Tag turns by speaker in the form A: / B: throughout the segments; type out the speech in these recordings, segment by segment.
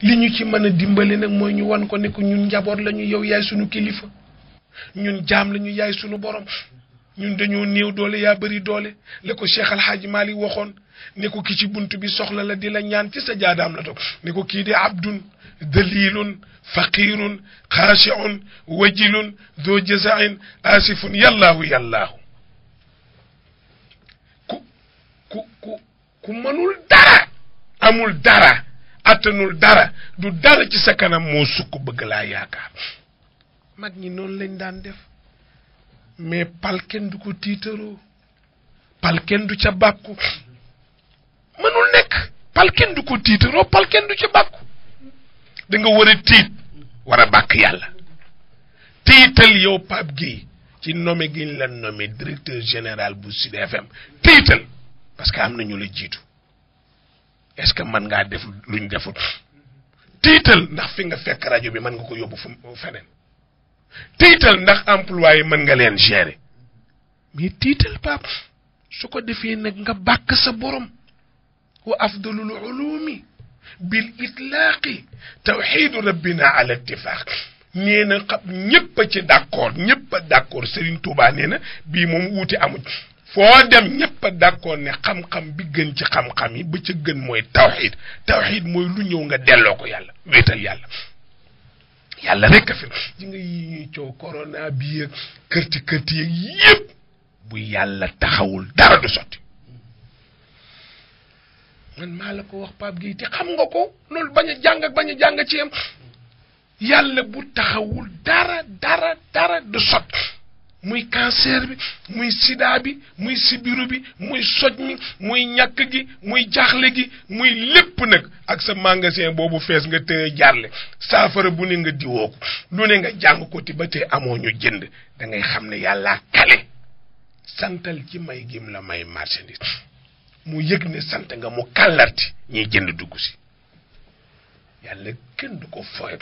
A: li ñu ci mën a dimbali nag mooy ñu wan ko ne ko ñun njaboot lañu yow yaay sunu kilifa ñun jaam lañu yaay sunu borom ñun dañoo néew doole yaa bari doole la ko Cheikh Al Mali waxoon ne ko ki ci bunt bi soxla la di la ñaan ci sa jaadaam la to ne ko kii di abdun dalilun faqirun xaashiun wajilun doo jazain asifun yàllaahu ku ku ku ku mënul dara amul dara attanul dara du dara ci sa kanam moo sukk bëgg laa yaakaar mag ñi noonu lañ daan def mais pal kenn ko tiitaroo pal du ca bàkku mënul du ko tiitaroo ca bàkku da nga war war a bàkk yàlla tiital yow Pape gi ci nommé gi ñu la nommé directeur général bu Sud FM parce que am nañu la jiitu est-ce que mën ngaa def luñ defut tiital ndax fi nga fekk rajo bi mën nga ko yóbbu fu feneen tiital ndax emploi yi mën nga leen gérer mais tiital pap su ko defee nag nga bàkk sa borom wa afdalul ulumi bil itlaaqi tawxidu rabbina ala ittifaq nee na ñëpp a ci d'accord ñëpp a d'accord Serigne Touba nee moom wuute amut foo dem ñëpp a ne xam-xam bi gën ci xam-xam yi ba ca gën mooy tawxiid tawxiid mooy lu ñëw nga delloo ko yàlla wéetal yàlla yàlla rek a fi ji nga yi ñuy coow corona bi kërti kërti yeeg yëpp bu yàlla taxawul dara du sotti man maa la ko wax Pape gi te xam nga ko loolu bañ a jàng ak bañ a jàng ci yam yàlla bu taxawul dara dara dara du sotti muy cancer bi muy sida bi muy sibiru bi muy soj mi muy ñàkk gi muy jaaxle gi muy lépp nag ak sa magasin boobu fees nga tëye jaarle saafara bu ni nga diwoo ko lu ne nga jàng ko ti ba tey amoo ñu jënd da ngay xam ne yàllaa kale santal ci may gim la may marchandise mu yëg ne sant nga mu kàllarti ñiy jënd dugg si yàlla kenn du ko foye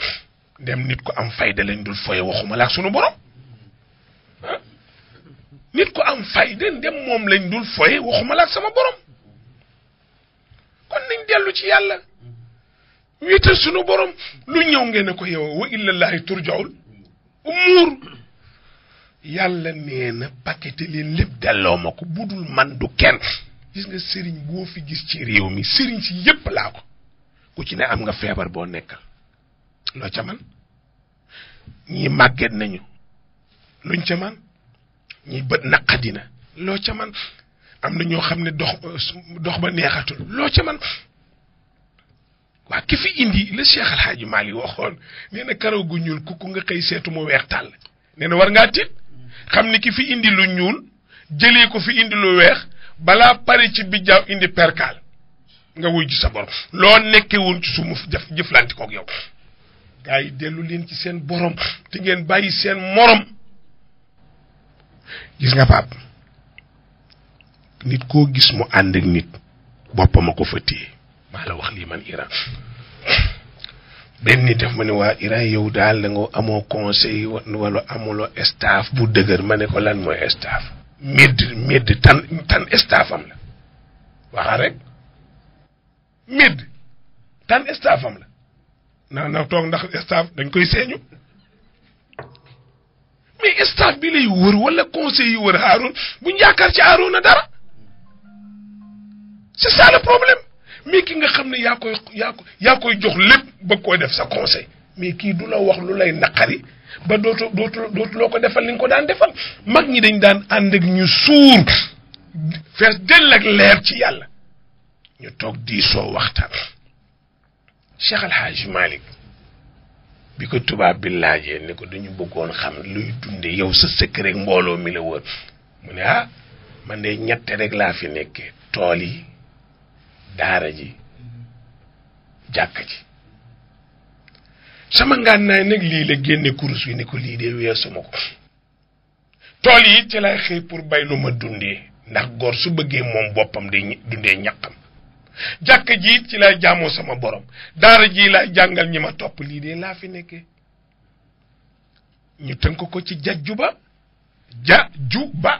A: dem nit ko am fayda lañ dul foye waxuma la ak sunu borom waaye dem moom lañ dul foye waxuma la ak sama borom kon nañ dellu ci yàlla wéetal sunu borom lu ñëw ngeen ko yow wa illallahi turjaul umuur yàlla nee na paqueté leen lépp delloo ma ko budul man du kenn gis nga sëriñ boo fi gis ci réew mi sëriñ si yépp laa ko ku ci ne am nga feebar boo nekkal loo ca man ñii màgget nañu luñ ca man ñii bët naqadina loo ca man am na ñoo xam ne dox dox ba neexatul loo ca man waa ki fi indi la Cheikh Al Hadj Mali waxoon nee na karaw gu ñuul kukku nga xëy seetu mu weex tàll nee na war ngaa tiit xam ni ki fi indi lu ñuul jëlee ko fi indi lu weex bala pare ci bijjaaw indi perkaal nga wuy ji sa borom loo nekkee woon ci sumu jëf kook yow. gaa yi dellu leen ci seen borom te ngeen bàyyi seen morom gis nga Pape. nit koo gis mu ànd ak nit boppam a ko fa téye maa la wax lii man Iran benn def ma ne waa Iran yow daal da nga amoo conseil wala amuloo staff bu dëgër ma ne ko lan mooy staff. medd medd tan tan la waxaa na na toog ndax staff dañ koy seeñu mais staff bi lay wër wala conseil yi wër Haroun bu ñu yaakaar ci Haroun na dara. c'est ça le problème mais ki nga xam ne yaa koy yaa koy yaa koy jox lépp bëgg koy def sa conseil mais kii du la wax lu lay naqari ba dootu dootu dootu loo ko defal li nga ko daan defal mag ñi dañ daan ànd ak ñu suur fees dell ak leer ci yàlla ñu toog diisoo waxtaan Cheikh Al Hadj Malick bi ko tubaab bi laajee ne ko dañu bëggoon xam luy dunde yow sa sëkk rek mbooloo mi la wër mu ne ah man de ñett rek laa fi nekkee tool yi daara ji jàkk ji sama ngànnaay nag lii la génne kurus wi ni ko lii de weesuma ko tool yi ci lay xëy pour bay lu ma dundee ndax góor su bëggee moom boppam day dundee ñaqam jàkk ji ci lay jaamoo sama borom daara ji lay jàngal ñi ma topp lii de laa fi nekkee ñu tënk ko ci jajju ba ja ju ba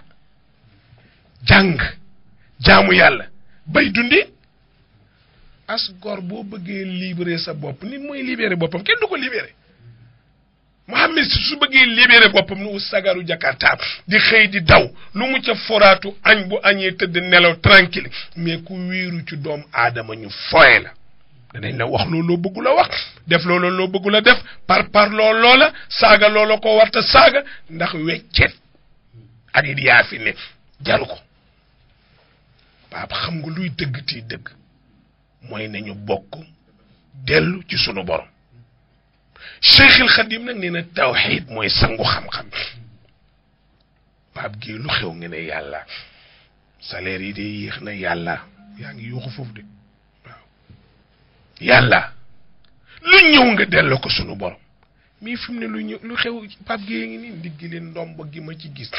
A: jàng jaamu yàlla bay dundee as gor boo bëggee libéré sa bopp nit mooy libéré boppam kenn du ko libéré Mohamed si su bëggee libéré boppam lu sagaru Jakarta di xëy di daw lu mu ca foraatu añ bu añee tëdd nelaw tranquille mais ku wéeru ci doom aadama ñu foye la danañ la wax looloo bëggul la wax def looloo loo bëggu la def par par looloo la saaga looloo ko warta saaga ndax weccet ak it yaa fi ne jaru ko baab xam nga luy dëgg tii dëgg mooy nañu bokk dellu ci sunu borom Cheikhul Khadim nag nee na tawxiid mooy sangu xam-xam Pape Gueye lu xew nga ne yàlla salaire yi de yéex na yàlla yaa ngi yuuxu foofu de waaw yàlla lu ñëw nga delloo ko sunu borom mais fi mu ne lu ñëw lu xew Pape Gueye ngi nii ndiggi leen ndombo gi ma ci gis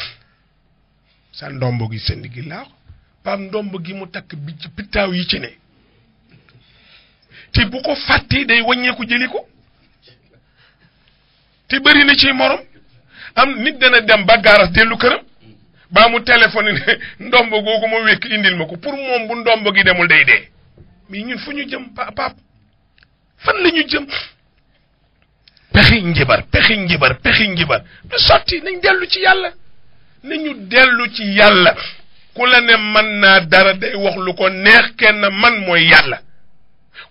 A: sa ndombo gi sa ndiggi laa ko Pape gi mu takk bi ci yi ci ne te bu ko fàttee day wàññeeku jëli ko te bëri na ci morom am nit dana dem ba gaaras dellu këram baa mu téléphone ne ndomb googu ma wékk indil ma ko pour moom bu ndomb gi demul day dee mais ñun fu ñu jëm pa pap fan la ñu jëm pexi njibar pexi njibar pexi njibar du sotti nañ dellu ci yàlla nañu dellu ci yàlla ku la ne man naa dara day wax lu ko neex kenn man mooy yàlla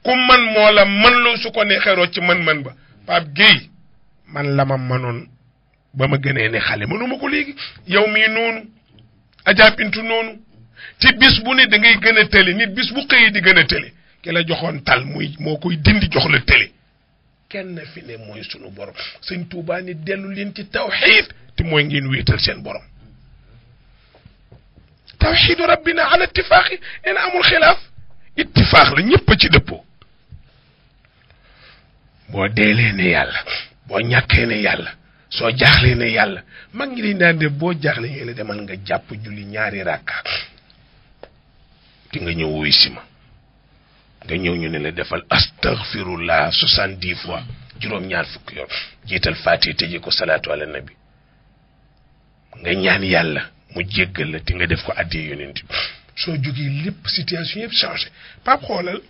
A: ku man moo la man loo su ko neexee ci man-man ba Pape Gueye man la ma manoon ba ma gënee ne xale mënuma ko léegi yow mii noonu Adja Bintu noonu ci bis bu ne da ngay gën a tële nit bis bu xëyee di gën a tële ki la joxoon tal muy moo koy dindi jox la tële kenn fi ne mooy sunu borom sëñ Tuubaa ni dellu liin ci tawxiid te mooy ngeen wéetal seen borom tawxiidu rabbina ala ittifaaqi en amul xilaaf ittifaax la ñëpp ci dëppoo boo deelee ne yàlla boo ñàkkee ne yàlla soo jaaxlee ne yàlla mag ngi dañ daan def boo jaaxlee ñu la demal nga jàpp julli ñaari ràkka ti nga ñëw wuy sima nga ñëw ñu ne la defal astaghfirullah soixante-dix fois juróom-ñaar fukki yoon jiital faati tëje ko salaatu ala nabi nga ñaan yàlla mu jéggal la ti nga def ko addee yonent bi soo jógee lépp situation yëpp changé pap xoolal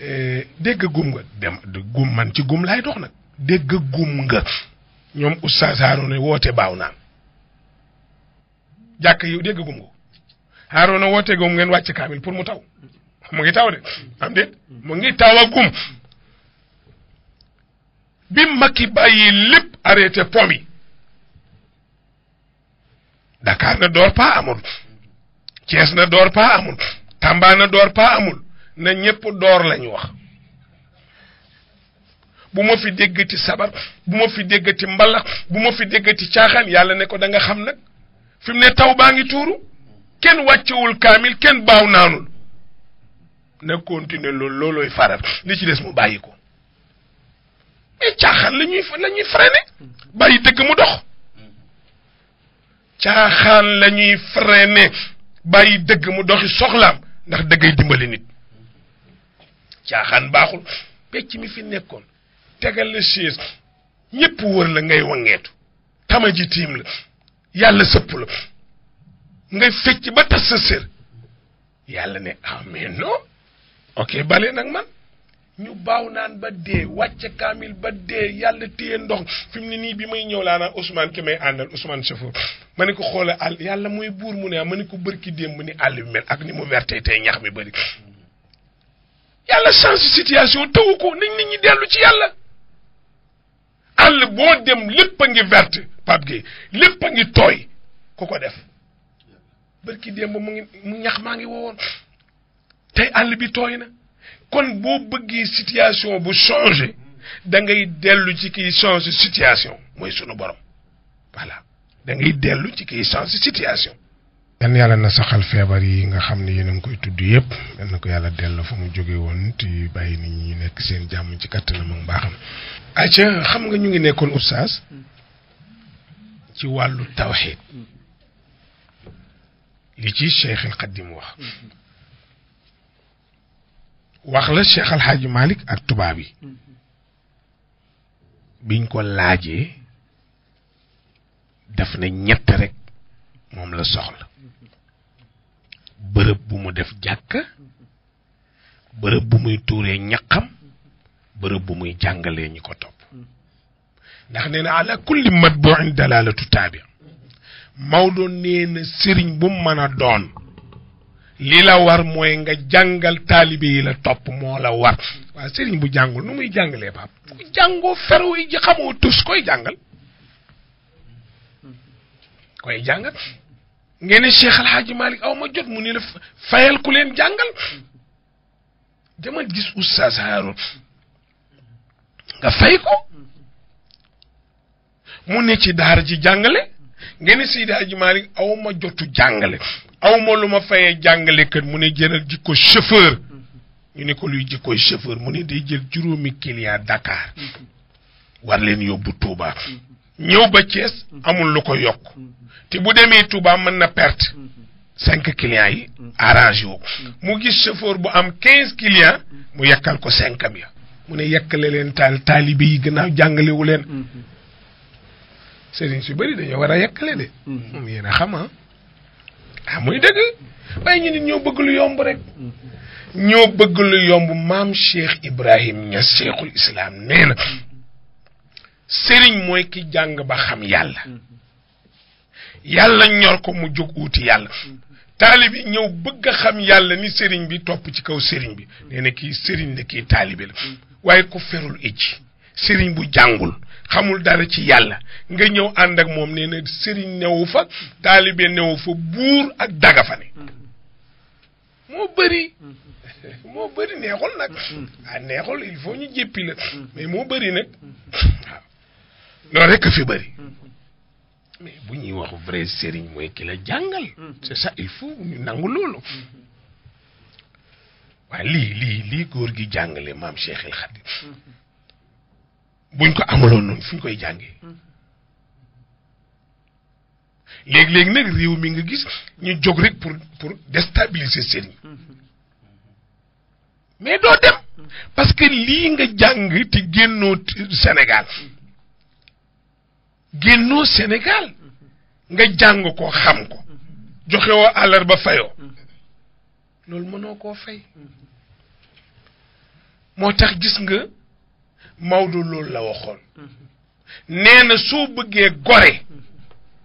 A: Eh, dégg gum nga dem gum man ci gum laay dox nag dégg gum nga ñoom oustaz Harouna woote baaw naan jàkk yow dégg gum nga Harouna woote gum ngeen wàcc kaamil pour mu taw mu ngi taw de am déet mu ngi taw a gum bi Macky bàyyi lépp arrêté pom yi na door paa amul Thiès na door paa amul Tamba na door paa amul na ñépp door lañ wax bu ma fi déggati sabar bu ma fi déggati mbalax bu ma fi déggati caaxaan yàlla ne ko danga xam nag fi mu ne taw baa ngi tuuru kenn wàccewul kaamil kenn baaw naanul na continuer loolu loolooy faral li ci des mu bàyyi ko mais caaxaan la ñuy la ñuy bàyyi dëgg mu dox caaxaan la ñuy freiné dëgg mu doxi soxlaam ndax dëggay dimbali nit caaxaan baaxul pecc mi fi nekkoon tegal la chaise ñëpp wër la ngay wangeetu tama ji tiim la yàlla sëpp la ngay fecc ba tas sa yàlla ne ah mais non ok bale nag man ñu baaw naan ba dee wàcce kaamil ba dee yàlla téye ndox fi mu ne nii bi may ñëw laa naan Ousmane ki may àndal Ousmane chauffeur ma ne ko xoolal àll yàlla mooy buur mu ne ah ma ne ko bërki démb ni àll bi mel ak ni mu werte tey ñax mi bëri yàlla change situation tawu ko nañ nit ñi dellu ci yàlla àll boo dem lépp a ngi verte Pape Gueye lépp a ngi tooy ko ko def bërki démb mu ngi mu ñax maa ngi woowoon te àll bi tooy na kon boo bëggee situation bu changé da ngay dellu ci kiy change situation mooy sunu borom voilà da ngay dellu ci kiy change situation yan yàlla na saxal feebar yi nga xam ne yéen a koy tudd yëpp yan na ko yàlla dellu fa mu jóge woon te bàyyi nit ñu nekk seen jàmm ci kattanam ak mbaaxam. acca xam nga ñu ngi nekkoon oustaz ci wàllu tawxiid li ci Cheikh al Xadim wax wax la Cheikh Al malik ak tubaab yi biñ ko laajee daf na ñett rek. moom la soxla bërëb bu mu def jàkka bërëb bu muy tuuree ñaqam bërëb bu muy jàngalee ñi ko topp ndax nee na ala kulli matbuin dalalatu taabi Maodo nee na sëriñ bu mu mën a doon li la war mooy nga jàngal taalibe yi la topp moo la war waaw sëriñ bu jàngul nu muy jàngalee baab ku jàngoo feroo yi ji xamoo tus koy jàngal koy jàngal ngeen ne Cheikh El Hadj Malick jot mu ni la fayal ku leen jàngal dama gis oustaz Haroun nga fay ko mu ne ci daara ci jàngale ngeen ne Seydi Hadj Malick aw jotu jàngale aw lu ma fayee jàngale kën mu ne jëral jikko chauffeur ñu ne ko luy jikko chauffeur mu ne day jël juróomi client Dakar war leen yóbbu Touba ñëw ba Thiès amul lu ko yokk. ti bu demee Touba mën na perte mm-hmm. cinq clients yi mm-hmm. arrange wu mm-hmm. mu gis sëfoor bu am quinze clients mu yàkkal ko cinquam ya mu ne yàkkale leen taal taalibe yi gannaaw jàngalewu leen sëriñ su bëri dañoo war a yàkkale de moom yéen a xam ah, ah muy dëgg ñu bëgg lu yomb rek ñoo bëgg lu yomb maam Cheikh Ibrahim Ñas Cheikhul Islam nee na mooy ki jàng ba xam yàlla yàlla ñor ko mu jóg uuti yàlla taalibi ñëw bëgg a xam yàlla ni sëriñ bi topp ci kaw sëriñ bi nee na kii sëriñ la kii taalibi la waaye ku ferul icc sëriñ bu jàngul xamul dara ci yàlla nga ñëw ànd ak moom nee na sëriñ newu fa taalibe newu fa buur ak daga fa ne moo bëri moo bëri neexul nag mm-hmm. ah neexul il faut ñu jéppi la mais moo bëri nag waaw loolu rekk fi bëri mais bu ñuy wax vrai sëriñ mooy ki la jàngal. Mhm. c'est ça il faut ñu nangu loolu. Mhm. waaye lii lii lii góor gi jàngale maam Cheikh El Khadim mhm. buñ ko amaloon noonu fu ñu koy jàngee. léegi-léegi nag réew mi nga gis ñu jóg rek pour pour déstabiliser sëriñ mais doo dem parce que lii nga jàng te génnoo Sénégal. génnoo Sénégal nga jàng ko xam ko joxe woo ba fayoo loolu noo koo fay moo tax gis nga Maodo loolu la waxoon nee na soo bëggee gore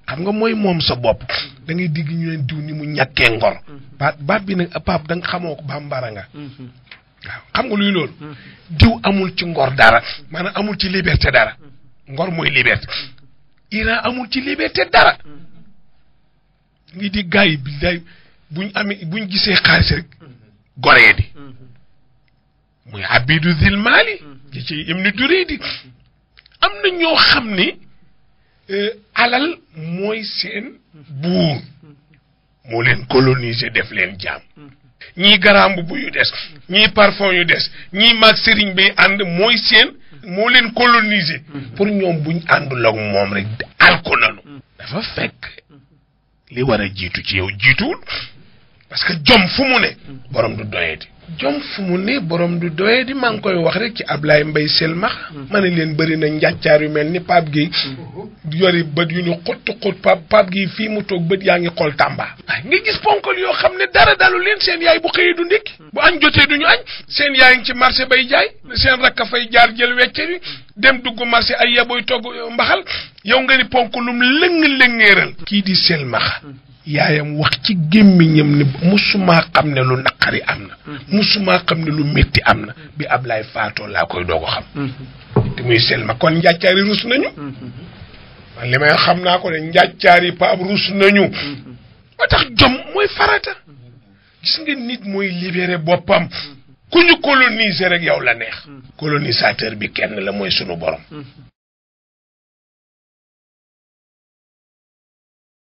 A: xam nga mooy moom sa bopp da ngay digg ñu leen diw ni mu ñàkkee ngor baat baat bi nag paap da nga xamoo ko bambara nga xam nga luy loolu diw amul ci ngor dara maanaam amul ci liberté dara ngor mooy liberté Iran amul ci liberté dara mm-hmm. ngi di gars yi bi day buñ amee buñ gisee xaalis di mm-hmm. muy abidu zil mali mm-hmm. ci ci ibnu duraydi am na ñoo xam ni euh, alal mooy seen buur moo leen coloniser def leen jaam ñii garambu bu yu des ñii parfum yu des ñii mag sëriñ bi ànd mooy seen moo leen coloniser. Mm-hmm. pour ñoom buñ àndul ak moom rek alko nanu mm-hmm. dafa fekk li war a jiitu ci yow jiituwul parce que jom fu mu ne. Mm-hmm. borom du doyati. jom fu mu ne borom du doye di maa ngi koy wax rek ci Ablaye mbay Selmax mm. ma ne leen bëri na njàccaar yu mel ni Pape Gueye mm. yori bët yu ñu xott xott Pape Pape fii mu toog bët yaa ngi xool Tamba ngi gis ponkal yoo xam ne dara dalu leen seen yaay bu xëyee du ndékki bu añ jotee du ñu añ seen yaay ngi ci marché bay jaay seen rakka fay jaar jël wecce bi dem dugg marché ay yaboy togg mbaxal yow nga ni ponk lum lëng lëngeeral kii di Selmax mm. yaayam wax ci gémmiñam ne musumaa xam ne lu naqari am na mm-hmm. musumaa xam ne lu métti am na mm-hmm. bi Ablaay faatoo laa koy doog a xam mm-hmm. te muy selma kon njàccaari rus nañu man xam naa ko ne njàccaari nañu tax jom mooy farata gis nga nit mooy libéré boppam ku ñu coloniser rek yow la neex colonisateur bi kenn la mooy sunu borom